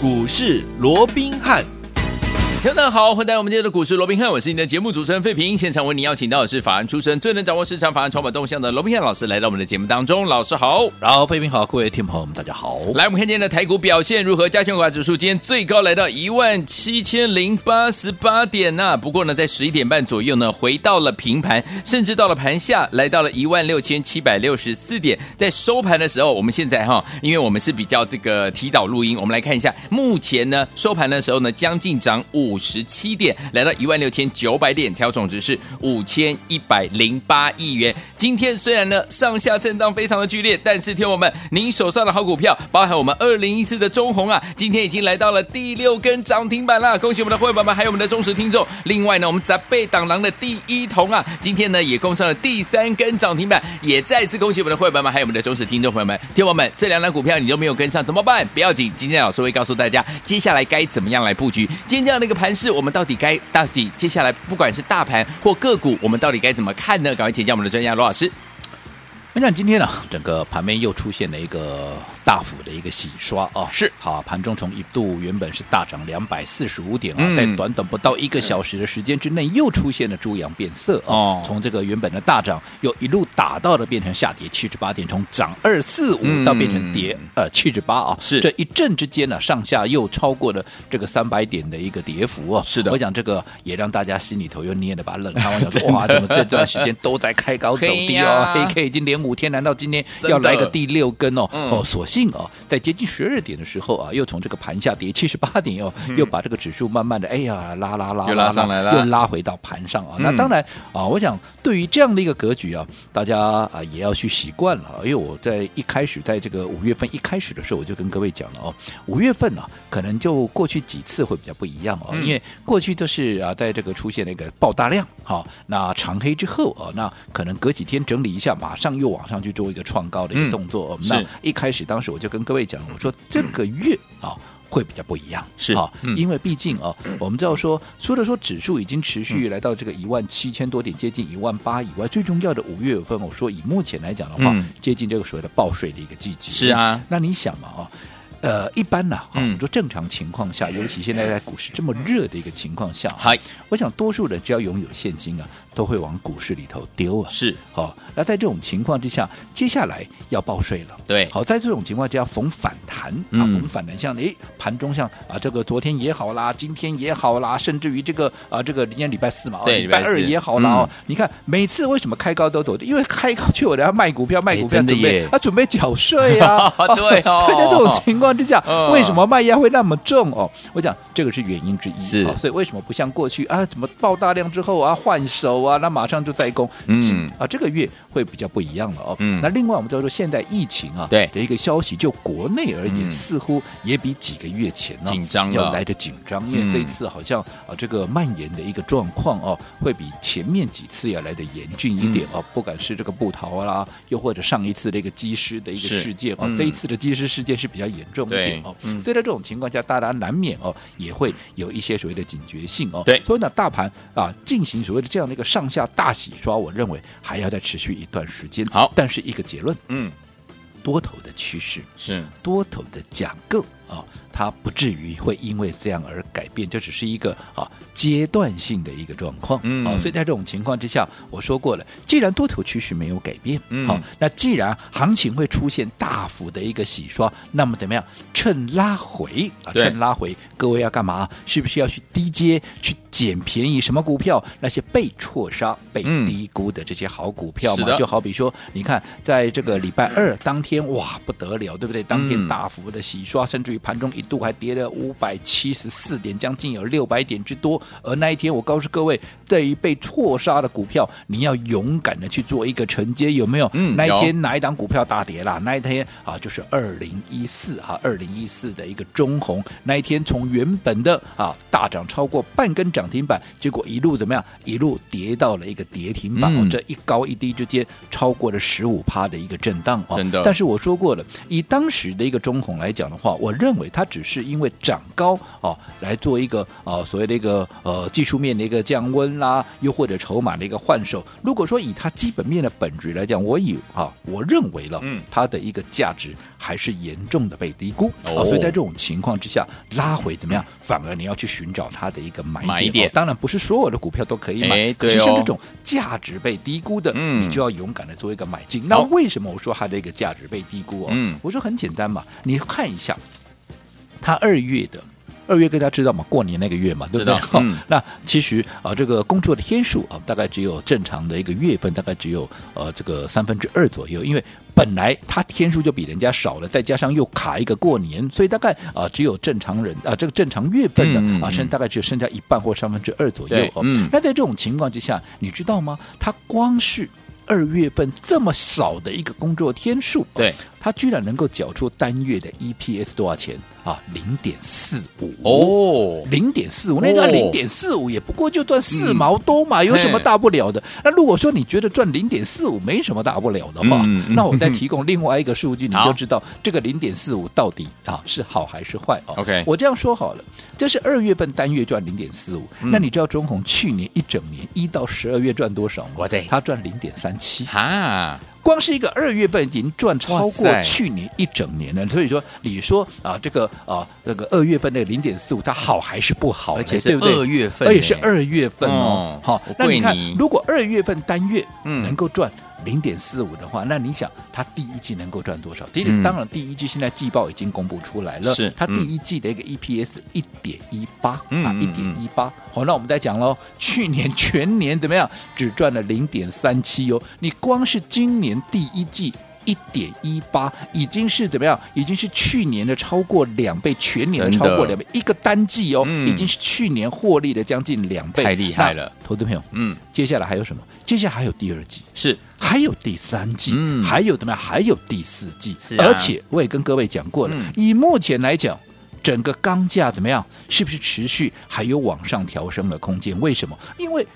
股市羅賓漢。聽眾好，歡迎來到我們今天的股市羅賓漢，我是你的節目主持人費平。現場為你邀請到的是法人出身、最能掌握市場法人籌碼動向的羅賓漢老師，來到我們的節目當中。老師好，然後費平好，各位聽眾朋友們大家好。來，我們看今天的台股表現如何？加權股價指數今天最高來到一萬七千零八十八點吶，啊，不過呢，在十一點半左右呢，回到了平盤，甚至到了盤下來到了一萬六千七百六十四點。在收盤的時候，我們現在哈，因為我們是比較這個提早錄音，我們來看一下目前呢收盤的時候呢，將近漲五。五十七點，來到一萬六千九百點，成交總值是五千一百零八億元。今天雖然呢上下震盪非常的劇烈，但是聽友們，您手上的好股票，包含我們二零一四的中鴻啊，今天已經來到了第六根漲停板了，恭喜我們的會員朋友們，還有我們的忠實聽眾。另外呢，我們雜貝擋狼的第一銅啊，今天呢也攻上了第三根漲停板，也再次恭喜我們的會員朋友們，還有我們的忠實聽眾朋友們。聽友們，這兩張股票你都沒有跟上怎麼辦？不要緊，今天老師會告訴大家接下來該怎麼樣來布局。今天這樣的一、那個。盤市，我們到底該到底接下來，不管是大盤或個股，我們到底該怎麼看呢？趕快請教我們的專家羅老師。我想今天呢、啊，整個盤面又出現了一個。大幅的一個洗刷啊，是好，盤中從一度原本是大漲兩百四十五點啊，在短短不到一個小時的時間之內，又出現了豬羊變色哦。從這個原本的大漲，又一路打到了變成下跌七十八點，從漲二四五到變成跌呃七十八啊，是這一陣之間呢，上下又超過了這個三百點的一個跌幅哦。是的，我想這個也讓大家心裡頭又捏了把冷汗，我想說哇，怎麼這段時間都在開高走低啊？AK 已經連五天，難道今天要來個第六根哦？哦，所幸。近啊，在接近十二點的時候啊，又從這個盤下跌七十八點哦，嗯、又把這個指數慢慢的哎呀拉拉,拉拉拉，又拉上來了，又拉回到盤上啊。嗯、那當然啊，我想對於這樣的一個格局啊，大家啊也要去習慣了，因為我在一開始在這個五月份一開始的時候，我就跟各位講了哦，五月份呢、啊、可能就過去幾次會比較不一樣哦，嗯、因為過去都是啊在這個出現那個爆大量好，那長黑之後啊，那可能隔幾天整理一下，馬上又往上去做一個創高的一個動作。嗯、那是一開始當時。我就跟各位講，我說這個月啊、嗯哦、會比較不一樣，是啊、哦，因為畢竟啊、哦，嗯、我們知道說，除了說指數已經持續來到這個一萬七千多點，接近一萬八以外，最重要的五月份，我說以目前來講的話，嗯、接近這個所謂的報稅的一個季節，是啊、嗯，那你想嘛啊、哦。呃，一般呢、啊，我們說正常情況下，嗯、尤其現在在股市這麼熱的一個情況下，是、嗯，我想多數人只要擁有現金啊，都會往股市裡頭丟啊。是，好，那在這種情況之下，接下來要報稅了。對，好，在這種情況就要逢反彈、嗯、啊，逢反彈像哎，盤中像啊，這個昨天也好啦，今天也好啦，甚至於這個啊，這個今天禮拜四嘛，對啊、禮拜二也好啦。嗯、你看，每次為什麼開高都走？因為開高去我家賣股票，賣股票準備，他、啊、準備繳稅啊。 對對、哦，在、啊、這種情況。之下，為什麼賣壓會那麼重哦？我講這個是原因之一，是，所以為什麼不像過去啊？怎麼爆大量之後啊換手啊？那馬上就再攻，嗯啊，這個月會比較不一樣了哦。那另外我們再說，現在疫情啊，對的一個消息，就國內而言，似乎也比幾個月前緊張要來的緊張，因為這一次好像啊這個蔓延的一個狀況哦，會比前面幾次要來的嚴峻一點哦。不管是這個部桃啊，又或者上一次這個機師的一個事件啊，這一次的機師事件是比較嚴。重點哦，嗯、所以在這種情況下，大家難免哦，也會有一些所謂的警覺性哦。對，所以呢，大盤啊進行所謂的這樣的一個上下大洗刷，我認為還要再持續一段時間。好，但是一個結論，嗯。多頭的趨勢是多頭的架構，啊，它、哦、不至於會因為這樣而改變，這只是一個啊、哦、階段性的一個狀況嗯、哦，所以在這種情況之下，我說過了，既然多頭趨勢沒有改變，好、嗯哦，那既然行情會出現大幅的一個洗刷，那麼怎麼樣？趁拉回啊，對趁拉回，各位要幹嘛？是不是要去低接去？撿便宜什麼股票？那些被錯殺、被低估的這些好股票嘛，嗯、就好比說，你看，在這個禮拜二當天，哇，不得了，對不對？當天大幅的洗刷，嗯、甚至於盤中一度還跌了五百七十四點，將近有六百點之多。而那一天，我告訴各位，對於被錯殺的股票，你要勇敢的去做一個承接，有沒有？嗯、那一天哪一檔股票大跌了？嗯、那一天有啊，就是二零一四啊，二零一四的一個中紅，那一天從原本的啊大漲超過半根漲停板，結果一路怎麼樣？一路跌到了一個跌停板，嗯哦、這一高一低之間超過了十五趴的一個震盪哦。的但是我說過了，以當時的一個中空來講的話，我認為它只是因為漲高哦，來做一個呃、哦、所謂的一個呃技術面的一個降溫啦、啊，又或者籌碼的一個換手。如果說以它基本面的本質來講，我以啊、哦，我認為了，嗯，它的一個價值還是嚴重的被低估哦，哦。所以在這種情況之下拉回怎麼樣？反而你要去尋找它的一個買點。哦、當然不是所有的股票都可以買，只、哦、是那這種價值被低估的，嗯、你就要勇敢的做一個買進。那為什麼我說它這個價值被低估哦？哦嗯、我說很簡單嘛，你看一下，它二月的。二月，大家知道嘛？過年那個月嘛，道對不對？嗯哦、那其實啊、呃，這個工作的天數啊、呃，大概只有正常的一個月份，大概只有呃這個三分之二左右。因為本來他天數就比人家少了，再加上又卡一個過年，所以大概啊、呃，只有正常人啊、呃，這個正常月份的、嗯、啊，剩大概只剩下一半或三分之二左右、嗯哦。那在這種情況之下，你知道嗎？他光是二月份這麼少的一個工作天數，對。他居然能夠繳出單月的 EPS 多少錢啊？零點四五哦，零點四五，那賺零點四五也不過就賺四毛多嘛，有什麼大不了的？那如果說你覺得賺零點四五沒什麼大不了的話，那我再提供另外一個數據，你就知道這個零點四五到底啊是好還是壞哦。OK，我這樣說好了，這是二月份單月賺零點四五，那你知道中鴻去年一整年一到十二月賺多少嗎？我在他賺零點三七啊。光是一個二月份已經賺超過去年一整年了，哇塞 所以說，你說啊，這個啊，那、這個二月份那個零點四五，它好還是不好？而且是二月份對不對，而且是二月份哦。嗯、好，你那你看，如果二月份單月能夠賺。零點四五的話，那你想它第一季能夠賺多少？第一、嗯，當然第一季現在季報已經公布出來了。是它、嗯、第一季的一個 EPS 一點一八啊，一點一八。嗯嗯、好，那我們再講嘍。去年全年怎麼樣？只賺了零點三七哦。你光是今年第一季一點一八，已經是怎麼樣？已經是去年的超過兩倍，全年的超過兩倍，真的，一個單季哦，嗯、已經是去年獲利的將近兩倍，太厲害了，投資朋友。嗯，接下來還有什麼？接下來還有第二季是。還有第三季，嗯、還有怎麼樣？還有第四季，啊、而且我也跟各位講過了。嗯、以目前來講，整個鋼價怎麼樣？是不是持續還有往上調升的空間？為什麼？因為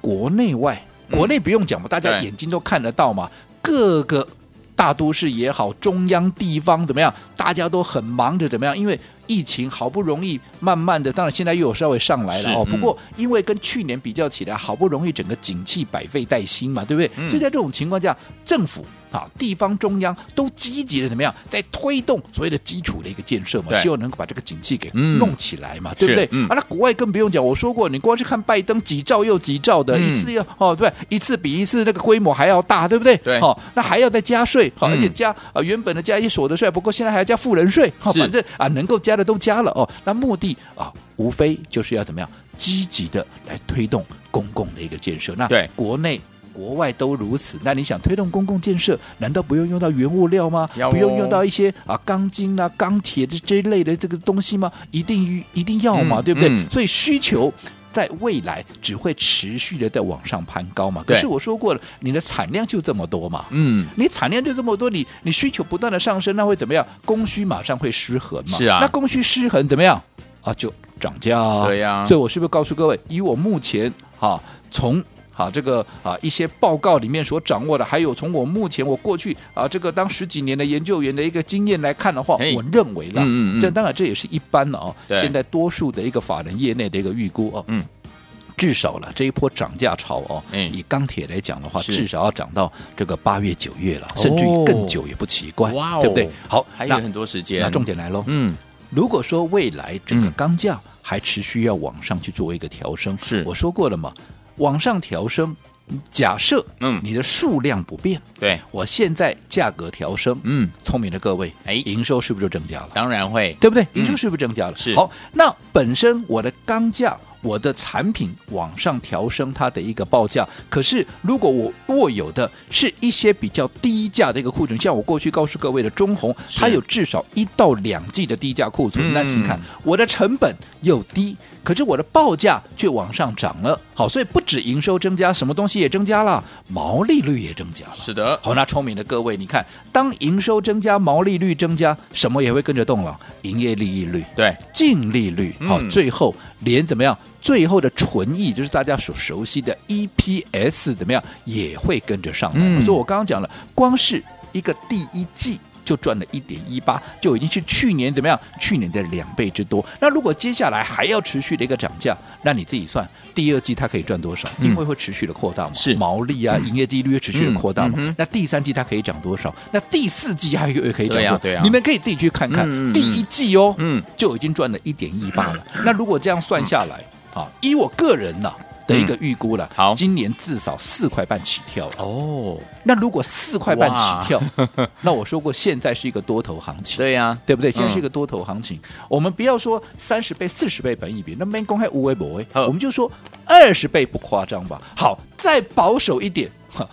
國內外，國內不用講嘛，嗯、大家眼睛都看得到嘛。對各個大都市也好，中央地方怎麼樣？大家都很忙着怎麼樣？因為。疫情好不容易，慢慢的，當然現在又有稍微上來了哦。嗯、不過因為跟去年比較起來，好不容易整個景氣百廢待興嘛，對不對？嗯、所以在這種情況下，政府啊，地方、中央都積極的怎麼樣，在推動所謂的基礎的一個建設嘛，對希望能夠把這個景氣給弄起來嘛，嗯、對不對？嗯、啊，那國外更不用講。我說過，你光是看拜登，幾兆又幾兆的，嗯、一次又哦，對，一次比一次那個規模還要大，對不對？哈對、哦，那還要再加稅，好、嗯，而且加啊原本的加一些所得稅，不過現在還要加富人稅，是、哦，反正是啊能夠加。都加了哦，那目的啊，無非就是要怎麼樣，積極的來推動公共的一個建設。那對，國內國外都如此。那你想推動公共建設，難道不用用到原物料嗎？哦、不用用到一些啊鋼筋啊、鋼鐵這這一類的這個東西嗎？一定一定要嘛，嗯、對不對？嗯、所以需求。在未來只會持續的在往上攀高嘛？可是我說過了，對你的產量就這麼多嘛。嗯，你產量就這麼多，你你需求不斷的上升，那會怎麼樣？供需馬上會失衡嘛。是啊，那供需失衡怎麼樣啊？就漲價。對呀、啊，所以我是不是告訴各位，以我目前啊從。啊，這個啊，一些報告裡面所掌握的，還有從我目前我過去啊，這個當十幾年的研究員的一個經驗來看的話，我認為了，這當然這也是一般了啊。現在多數的一個法人業內的一個預估啊，至少了這一波漲價潮啊，以鋼鐵來講的話，至少要漲到這個八月九月了，甚至於更久也不奇怪，對不對？好，還有很多時間。那重點來嘍，嗯，如果說未來整個鋼價還持續要往上去作為一個調升，是我說過了嘛？往上調升，假設，嗯，你的數量不變，嗯、對我現在價格調升，嗯，聰明的各位，哎，營收是不是就增加了？當然會，對不對？營收是不是增加了、嗯？是。好，那本身我的鋼價。我的產品往上調升它的一個報價，可是如果我握有的是一些比較低價的一個庫存，像我過去告訴各位的中鴻，是它有至少一到兩季的低價庫存，那你，嗯、看我的成本又低，可是我的報價卻往上漲了。好，所以不止營收增加，什麼東西也增加了，毛利率也增加了。是的，好，那聰明的各位，你看當營收增加，毛利率增加，什麼也會跟着動了，營業利益率，對，淨利率，好，嗯、最後連怎麼樣？最後的純益就是大家所熟悉的 EPS 怎麼樣，也會跟着上來。嗯、所以我剛剛講了，光是一個第一季就賺了一點一八，就已經是去年怎麼樣，去年的兩倍之多。那如果接下來還要持續的一個漲價，那你自己算第二季它可以賺多少，因為會持續的擴大嘛，嗯、是毛利啊、營業利潤率持續的擴大嘛。那第三季它可以漲多少？那第四季它可以漲多少、啊？啊、你們可以自己去看看、嗯、第一季哦，嗯，就已經賺了一點一八了。嗯、那如果這樣算下來。以我個人的的一個預估了、嗯，好，今年至少四塊半起跳了哦。那如果四塊半起跳，哇那我說過現在是一個多頭行情，對呀、啊，對不對？現在是一個多頭行情，嗯、我們不要說三十倍、四十倍本益比，那沒公開無為博誒，好我們就說二十倍不誇張吧。好，再保守一點，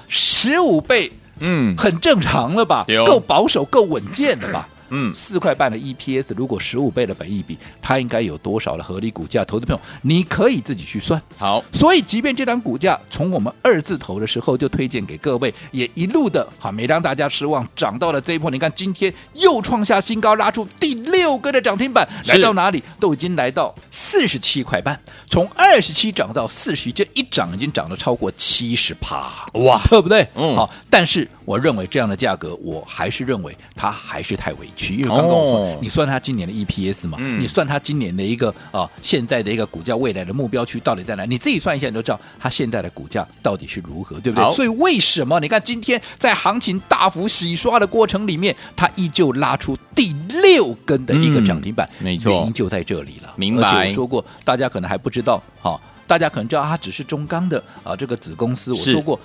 十五倍，嗯，很正常了吧？夠、嗯、保守、夠穩健了吧？嗯嗯，四塊半的 EPS，如果十五倍的本益比，它應該有多少的合理股價？投資朋友，你可以自己去算。好，所以即便這檔股價從我們二字頭的時候就推薦給各位，也一路的好沒讓大家失望，漲到了這一波。你看今天又創下新高，拉出第六個的漲停板，是來到哪裡？都已經來到四十七塊半，從二十七漲到四十，這一漲已經漲了超過七十趴，哇，對不對？嗯，好，但是。我認為這樣的價格，我還是認為它還是太委屈，因為剛剛我說、哦、你算它今年的 EPS 嘛，嗯、你算它今年的一個啊、呃，現在的一個股價，未來的目標區到底在哪？你自己算一下，你就知道它現在的股價到底是如何，對不對？好所以為什麼你看今天在行情大幅洗刷的過程裡面，它依舊拉出第六根的一個漲停板？嗯、沒錯，原因就在這裡了。明白？而且我說過，大家可能還不知道，好、哦，大家可能知道它只是中鋼的啊這個子公司。我說過，是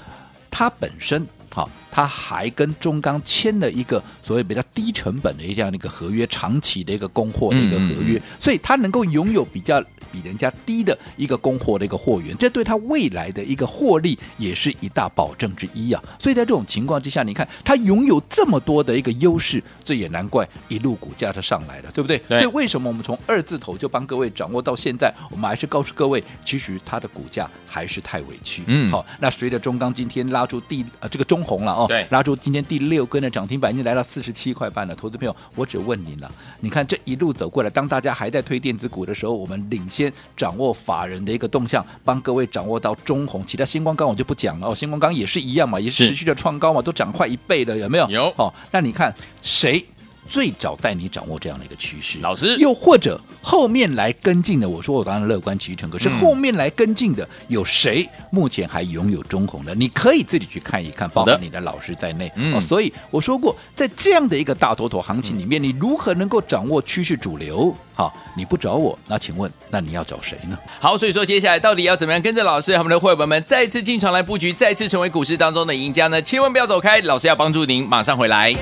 它本身，好、哦，他還跟中鋼簽了一個所謂比較低成本的一樣的一個合約，長期的一個供貨的一個合約，嗯、所以他能夠擁有比較比人家低的一個供貨的一個貨源，這對他未來的一個獲利也是一大保證之一啊。所以在這種情況之下，你看他擁有這麼多的一個優勢，這也難怪一路股價它上來了，對不對？對。所以為什麼我們從二字頭就幫各位掌握到現在，我們還是告訴各位，其實他的股價還是太委屈。嗯，好、哦，那隨着中鋼今天拉出第呃這個中、紅了哦，對，拉住今天第六根的漲停板，已經來到四十七塊半了。投資朋友，我只問你了，你看這一路走過來，當大家還在推電子股的時候，我們領先掌握法人的一個動向，幫各位掌握到中紅，其他新光鋼我就不講了哦，新光鋼也是一樣嘛，也是持續的創高嘛，是都漲快一倍了，有沒有？有哦，那你看誰？最早帶你掌握這樣的一個趨勢，老師。又或者後面來跟進的，我說我當然樂觀其成。可是後面來跟進的、嗯、有誰目前還擁有中鴻的？你可以自己去看一看，包括你的老師在內。嗯、哦，所以我說過，在這樣的一個大多頭行情裡面，嗯、你如何能夠掌握趨勢主流？好，你不找我，那請問那你要找誰呢？好，所以說接下來到底要怎麼樣跟着老師和我們的伙伴們再次進場來布局，再次成為股市當中的贏家呢？千萬不要走開，老師要幫助您，馬上回來。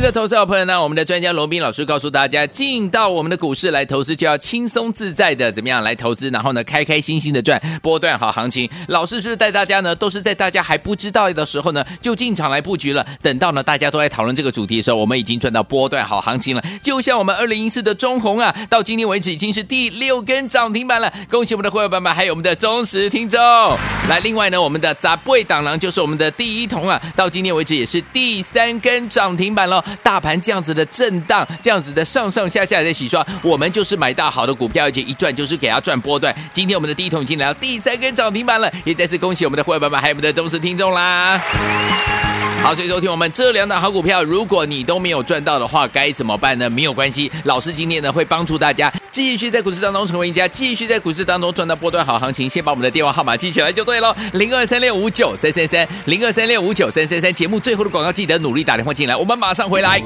的投資好朋友呢，我們的專家羅賓老師告訴大家，進到我們的股市來投資就要輕鬆自在的，怎麼樣來投資？然後呢，開開心心的賺波段好行情。老師是帶大家呢？都是在大家還不知道的時候呢，就進場來布局了。等到呢，大家都在討論這個主題的時候，我們已經賺到波段好行情了。就像我們二零一四的中鴻啊，到今天為止已經是第六根漲停板了。恭喜我們的會員朋友們，還有我們的忠實聽眾。來，另外呢，我們的雜貝擋狼就是我們的第一銅啊，到今天為止也是第三根漲停板了。大盤這樣子的震盪，這樣子的上上下下的洗刷，我們就是買到好的股票，而且一賺就是給它賺波段。今天我們的第一桶已經來到第三根漲停板了，也再次恭喜我們的會員爸爸還有我們的忠實聽眾啦！好，所以說聽我們這兩檔好股票，如果你都沒有賺到的話，該怎麼辦呢？沒有關係，老師今天呢會幫助大家。繼續在股市當中成為贏家，繼續在股市當中賺到波段好行情，先把我們的電話號碼記起來就對了，零二三六五九三三三，零二三六五九三三三。節目最後的廣告，記得努力打電話進來，我們馬上回來。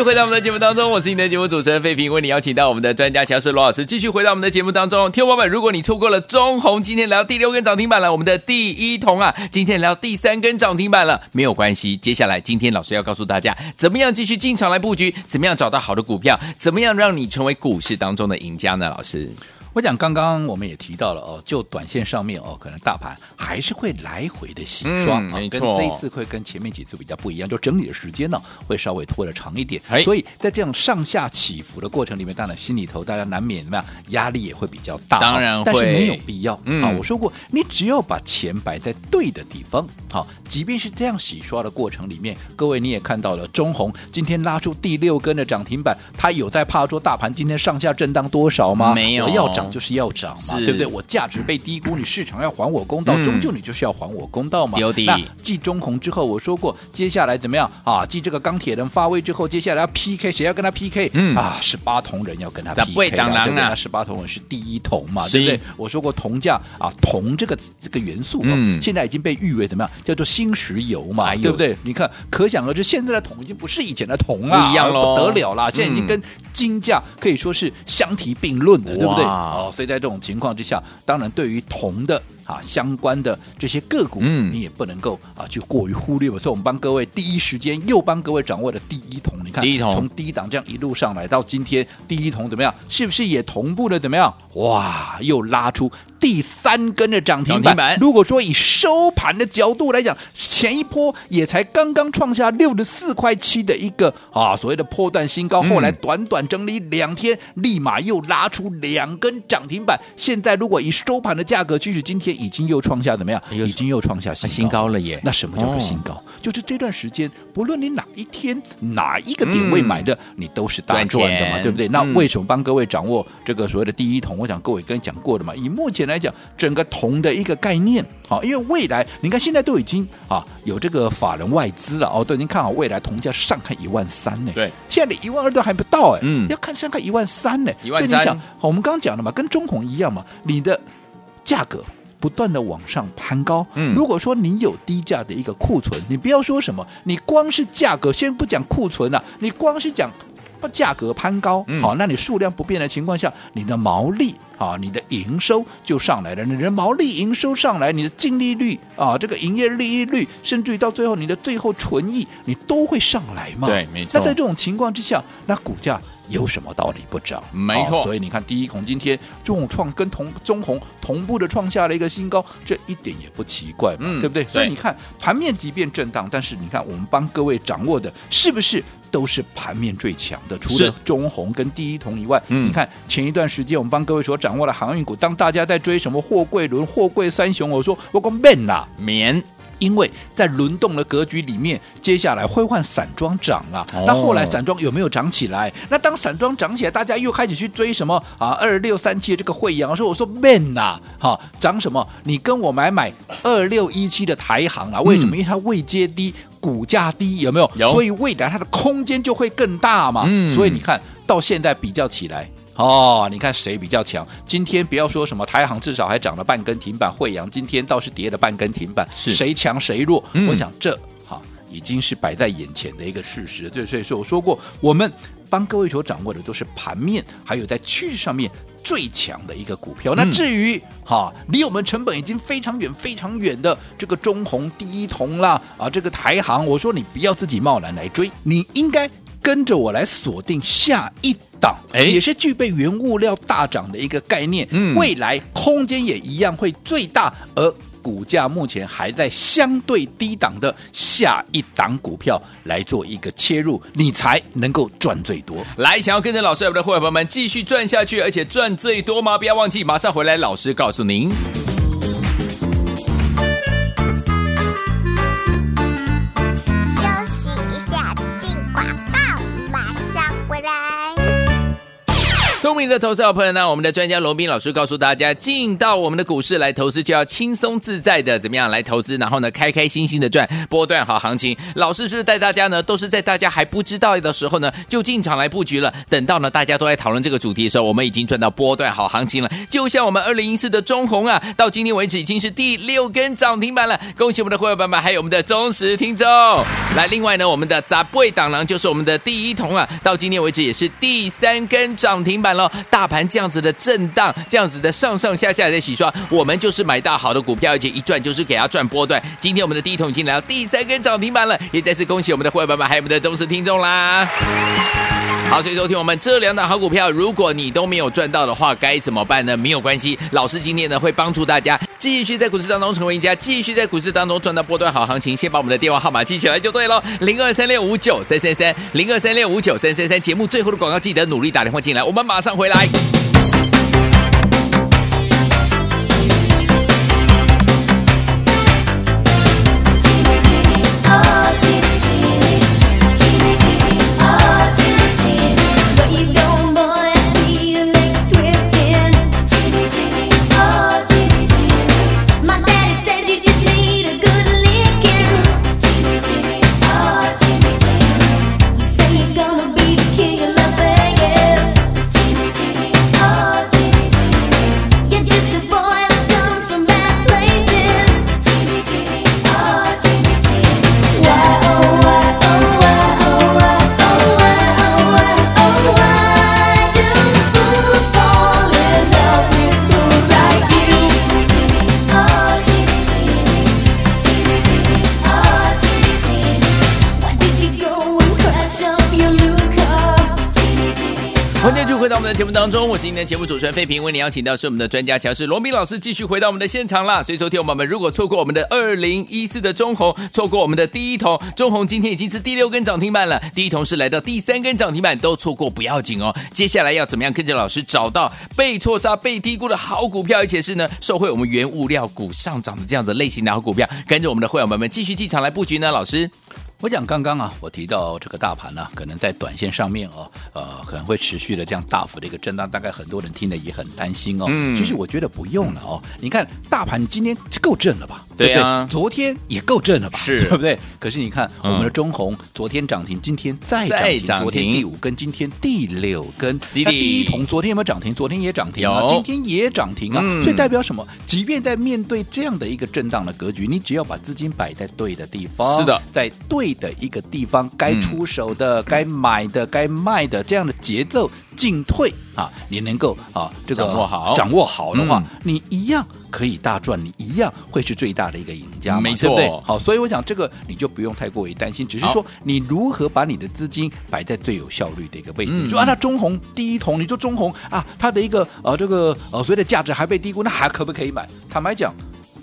繼續回到我們的節目當中，我是你的節目主持人費平，為你邀請到我們的專家講師羅老師，繼續回到我們的節目當中，天花板。如果你錯過了中紅，今天聊第六根漲停板了，我們的第一桶啊，今天聊第三根漲停板了，沒有關係，接下來今天老師要告訴大家，怎麼樣繼續進場來佈局，怎麼樣找到好的股票，怎麼樣讓你成為股市當中的贏家呢？老師。我想剛剛我們也提到了哦，就短線上面哦，可能大盤還是會來回的洗刷，啊、嗯，跟，這一次會跟前面幾次比較不一樣，就整理的時間呢、哦、會稍微拖得長一點，哎，所以在這樣上下起伏的過程裡面，當然心裡頭大家難免怎麼樣，壓力也會比較大、哦，當然會，但是沒有必要、嗯、啊。我說過，你只要把錢擺在對的地方，好、啊，即便是這樣洗刷的過程裡面，各位你也看到了，中紅今天拉出第六根的漲停板，它有在怕說大盤今天上下震盪多少嗎？沒有，要就是要漲嘛，對不對？我價值被低估，你市場要還我公道，終究你就是要還我公道嘛。那繼中鴻之後，我說過，接下來怎麼樣啊？繼這個鋼鐵人發威之後，接下來要 PK 誰要跟他 PK？嗯啊，十八銅人要跟他 PK。當然了，十八銅人是第一銅嘛，對不對？我說過，銅價啊，銅這個這個元素，嗯，現在已經被譽為怎麼樣？叫做新石油嘛，對不對？你看，可想而知，現在的銅已經不是以前的銅了，不得了啦！現在已經跟金價可以說是相提並論的，對不對？好，所以在這種情況之下，當然對於銅的。啊，相關的這些個股，嗯，你也不能夠啊去過於忽略吧。所以，我們幫各位第一時間又幫各位掌握了第一桶。你看，第一桶從低檔這樣一路上來，到今天第一桶怎麼樣？是不是也同步的怎麼樣？哇，又拉出第三根的漲停板。停板如果說以收盤的角度來講，前一波也才剛剛創下六十四塊七的一個啊所謂的波段新高，嗯，後來短短整理兩天，立馬又拉出兩根漲停板。現在如果以收盤的價格，即使今天。已經又創下怎麼樣？已經又創下新高新高了耶！那什麼叫做新高？哦、就是這段時間，不論你哪一天哪一個點位買的，嗯、你都是大賺的嘛，錢對不對？那為什麼幫各位掌握這個所謂的第一桶？嗯、我想各位跟你講過的嘛。以目前來講，整個銅的一個概念，好、啊，因為未來你看現在都已經啊有這個法人外資了哦，都已經看好未來銅價上看一萬三呢。對，現在的一萬二都還不到哎，嗯、要看上看一萬三呢。一萬三。所以你想，我們剛剛講的嘛，跟中紅一樣嘛，你的價格。不斷的往上攀高。嗯，如果說你有低價的一個庫存，你不要說什麼，你光是價格先不講庫存了、啊，你光是講把價格攀高，好、嗯哦，那你數量不變的情況下，你的毛利啊，你的營收就上來了。你的毛利、營收上來，你的淨利率啊，這個營業利益率，甚至於到最後你的最後純益，你都會上來嘛。對，沒錯。那在這種情況之下，那股價。有什麼道理不漲？沒錯，所以你看，第一銅今天中創，跟同中鴻同步的創下了一個新高，這一點也不奇怪嘛，嗯、對不對？所以你看，對盤面即便震盪，但是你看，我們幫各位掌握的，是不是都是盤面最強的？是除了中鴻跟第一銅以外，嗯、你看前一段時間我們幫各位所掌握的航運股，當大家在追什麼貨櫃輪、貨櫃三雄，我說我講棉啦，棉。因為在輪動的格局裡面，接下來會換散裝漲啊。哦、那後來散裝有沒有漲起來？那當散裝漲起來，大家又開始去追什麼啊？二六三七的這個慧洋，說我說 man 吶、啊，哈、啊，漲什麼？你跟我買買二六一七的台航啊？為什麼？嗯、因為它位階低，股價低，有沒有？有。所以未來它的空間就會更大嘛。嗯、所以你看到現在比較起來。哦，你看誰比較強？今天不要說什麼台行，至少還漲了半根停板，惠陽今天倒是跌了半根停板。是，誰強誰弱？嗯、我想這哈已經是擺在眼前的一個事實。對，所以說我說過，我們幫各位所掌握的都是盤面，還有在趨勢上面最強的一個股票。嗯、那至於哈離我們成本已經非常遠、非常遠的這個中鴻第一銅啦。啊，這個台行，我說你不要自己貿然來追，你應該。跟着我來鎖定下一檔，哎、欸，也是具備原物料大漲的一個概念，嗯，未來空間也一樣會最大，而股價目前還在相對低檔的下一檔股票來做一個切入，你才能夠賺最多。來，想要跟着老師我們的會員朋友們繼續賺下去，而且賺最多嗎？不要忘記，馬上回來，老師告訴您。聰明的投資好朋友呢，我們的專家羅斌老師告訴大家，進到我們的股市來投資就要輕鬆自在的，怎麼樣來投資？然後呢，開開心心的賺波段好行情。老師是帶大家呢，都是在大家還不知道的時候呢，就進場來布局了。等到呢，大家都在討論這個主題的時候，我們已經賺到波段好行情了。就像我們二零一四的中鴻啊，到今天為止已經是第六根漲停板了。恭喜我們的會員爸爸，還有我們的忠實聽眾。來，另外呢，我們的雜貝檔狼就是我們的第一桶啊，到今天為止也是第三根漲停板了。大盤這樣子的震盪，這樣子的上上下下的洗刷，我們就是買到好的股票，而且一賺就是給它賺波段。今天我們的第一桶已經來到第三根漲停板了，也再次恭喜我們的霍爾爸爸還有我們的忠實聽眾啦！好，所以收聽我們這兩檔好股票，如果你都沒有賺到的話，該怎麼辦呢？沒有關係，老師今天呢會幫助大家繼續在股市當中成為贏家，繼續在股市當中賺到波段好行情。先把我們的電話號碼記起來就對了，零二三六五九三三三，零二三六五九三三三。3, 節目最後的廣告記得努力打電話進來，我們馬上回來。歡迎繼續回到我們的節目當中，我是今天節目主持人費平。為您邀請到是我們的專家講師羅文彬老師，繼續回到我們的現場啦。所以說，收聽友們，如果錯過我們的二零一四的中鴻，錯過我們的第一銅，中鴻今天已經是第六根漲停板了。第一銅是來到第三根漲停板都錯過不要緊哦。接下來要怎麼樣跟着老師找到被錯殺、被低估的好股票，而且是呢受惠我們原物料股上漲的這樣子類型的好股票，跟着我們的會友們繼續進場來布局呢？老師？我講剛剛啊，我提到這個大盤呢、啊，可能在短線上面哦，呃，可能會持續的這樣大幅的一個震盪。大概很多人聽了也很擔心哦。嗯、其實我覺得不用了哦。你看大盤今天夠震了吧？對、啊、對不對？昨天也夠震了吧？是。對不對？可是你看、嗯、我們的中紅，昨天漲停，今天再漲停，停昨天第五根，今天第六根。里第一銅昨天有沒有漲停？昨天也漲停啊。有今天也漲停啊。嗯、所以代表什麼？即便在面對這樣的一個震盪的格局，你只要把資金擺在對的地方。是的。在對。的一個地方，該出手的、嗯、該買的、該賣的，這樣的節奏進退啊，你能夠啊，這個掌握好，掌握好的話，嗯、你一樣可以大賺，你一樣會是最大的一個贏家，沒錯對不對。好，所以我想這個你就不用太過於擔心，只是說你如何把你的資金擺在最有效率的一個位置。嗯、就按、啊、照中紅第一桶，你說中紅啊，它的一個呃這個呃，所謂的價值還被低估，那還可不可以買？坦白講。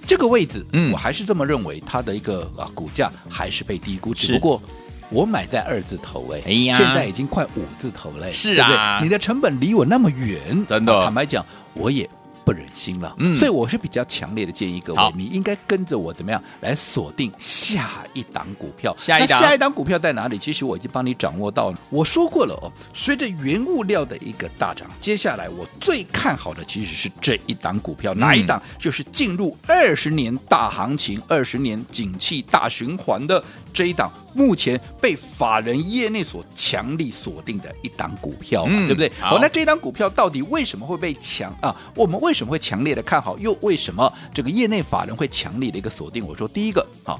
這個位置，嗯，我還是這麼認為，它的一個啊股價還是被低估。是。只不過我買在二字頭位，哎，哎呀，現在已經快五字頭了，是啊對對，你的成本離我那麼遠，真的。坦白講，我也。不忍心了，嗯、所以我是比較強烈的建議各位，好你應該跟着我怎麼樣來鎖定下一檔股票。下一檔，那下一檔股票在哪裡？其實我已經幫你掌握到了。我說過了哦，隨着原物料的一個大漲，接下來我最看好的其實是這一檔股票，嗯、哪一檔？就是進入二十年大行情、二十年景氣大循環的。這一檔目前被法人業內所強力鎖定的一檔股票嘛，嗯、對不對？好，那這一檔股票到底為什麼會被強啊？我們為什麼會強烈的看好？又為什麼這個業內法人會強力的一個鎖定？我說第一個啊，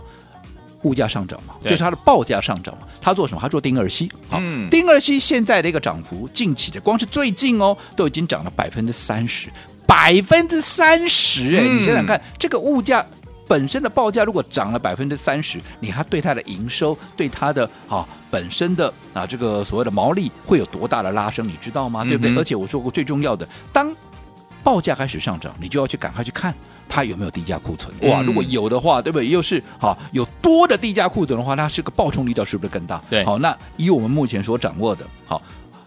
物價上漲嘛，對就是它的報價上漲嘛。它做什麼？它做丁二烯。好、啊，嗯、丁二烯現在的一個漲幅，近期的光是最近哦，都已經漲了百分之三十，百分之三十。哎，嗯、你想想看，這個物價。本身的報價如果漲了百分之三十，你還對它的營收，對它的啊本身的啊這個所謂的毛利會有多大的拉升，你知道嗎？對不對？嗯、哼而且我說過最重要的，當報價開始上漲，你就要去趕快去看它有沒有低價庫存。哇，嗯、如果有的話，對不對？又是好、啊、有多的低價庫存的話，那是個暴衝力道是不是更大？對，好，那以我們目前所掌握的，好，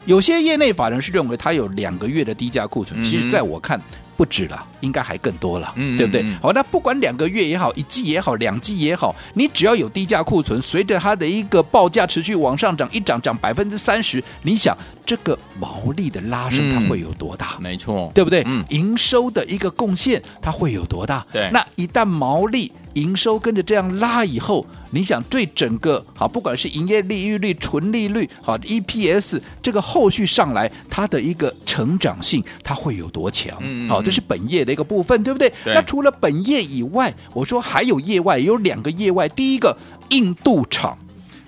有些業內法人是認為它有兩個月的低價庫存，嗯、哼其實在我看。不止了，應該還更多了，對不對？嗯嗯、好，那不管兩個月也好，一季也好，兩季也好，你只要有低價庫存，隨着它的一個報價持續往上漲，一漲漲百分之三十，你想，這個毛利的拉升它會有多大？嗯、沒錯，對不對？嗯、營收的一個貢獻它會有多大？對，那一旦毛利、營收跟着這樣拉以後，你想對整個好，不管是營業利益率、純利率、好 EPS 這個後續上來，它的一個成長性它會有多強？嗯、好。是本業的一個部分，對不對？對，那除了本業以外，我說還有業外，有兩個業外。第一個，印度廠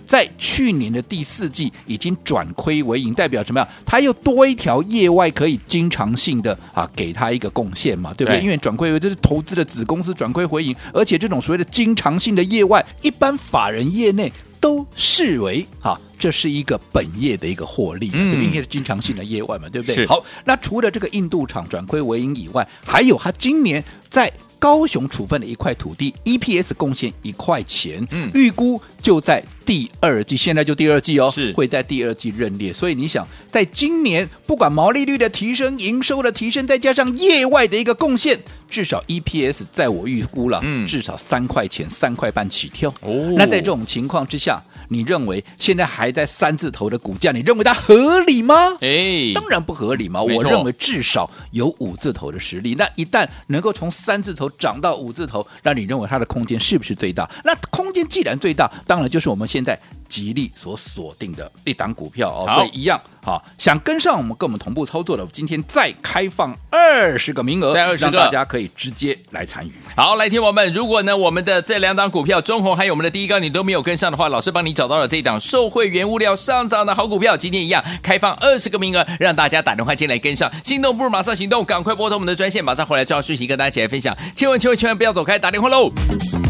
在去年的第四季已經轉虧為盈，代表什麼呀？它又多一條業外可以經常性的啊，給它一個貢獻嘛，對不對？對，因為轉虧為就是投資的子公司轉虧為盈，而且這種所謂的經常性的業外，一般法人業內都視為啊。這是一個本業的一個獲利，這畢竟是經常性的業務嘛，對不對？是好，那除了這個印度廠轉虧為盈以外，還有他今年在高雄處分的一塊土地，EPS 貢獻一塊錢，嗯、預估就在第二季，現在就第二季哦，是會在第二季認列，所以你想，在今年不管毛利率的提升、營收的提升，再加上業外的一個貢獻，至少 EPS 在我預估了、嗯、至少三塊錢、三塊半起跳。哦、那在這種情況之下。你認為現在還在三字頭的股價，你認為它合理嗎？欸，當然不合理嘛！沒錯。我認為至少有五字頭的實力。那一旦能夠從三字頭漲到五字頭，那你認為它的空間是不是最大？那空間既然最大，當然就是我們現在。吉利所鎖定的一檔股票哦好，所以一樣好。想跟上我們跟我們同步操作的，今天再開放二十個名額，再20個讓大家可以直接來參與。好，來聽我們，如果呢我們的這兩檔股票中鴻還有我們的第一銅，你都沒有跟上的話，老師幫你找到了這一檔受惠原物料上漲的好股票，今天一樣開放二十個名額，讓大家打電話進來跟上。心動不如馬上行動，趕快撥通我們的專線，馬上回來就要訊息跟大家一起來分享。千萬千萬千萬不要走開，打電話嘍！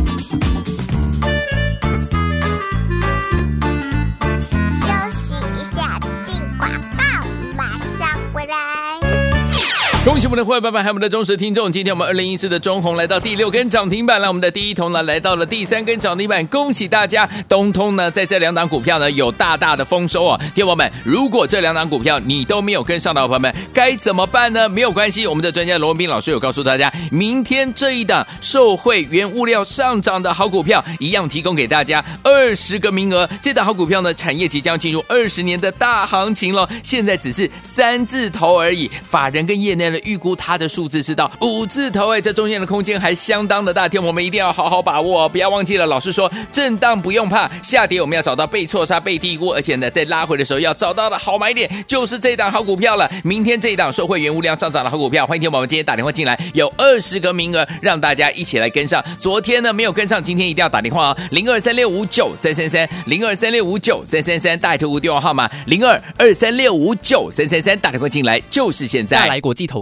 恭喜我們的會員朋友們，還有我們的忠實的聽眾。今天我們二零一四的中鴻來到第六根漲停板了，來我們的第一銅呢來到了第三根漲停板，恭喜大家！東通呢在這兩檔股票呢有大大的豐收哦。聽友們，如果這兩檔股票你都沒有跟上的朋友們該怎麼辦呢？沒有關係，我們的專家羅文彬老師有告訴大家，明天這一檔受惠原物料上漲的好股票，一樣提供給大家二十個名額。這檔好股票呢，產業即將進入二十年的大行情了，現在只是三字頭而已，法人跟業內。預估它的數字，是到五字頭哎、欸，這中間的空間還相當的大。天，我們一定要好好把握哦，不要忘記了。老師說震盪不用怕，下跌我們要找到被錯殺、被低估，而且呢在拉回的時候要找到的好買點，就是這檔好股票了。明天這一檔受惠原物料上漲的好股票，歡迎聽寶們，們今天打電話進來，有二十個名額，讓大家一起來跟上。昨天呢沒有跟上，今天一定要打電話哦，零二三六五九三三三，零二三六五九三三三，大頭我電話號碼零二二三六五九三三三，打電話進來就是現在。大來國際投。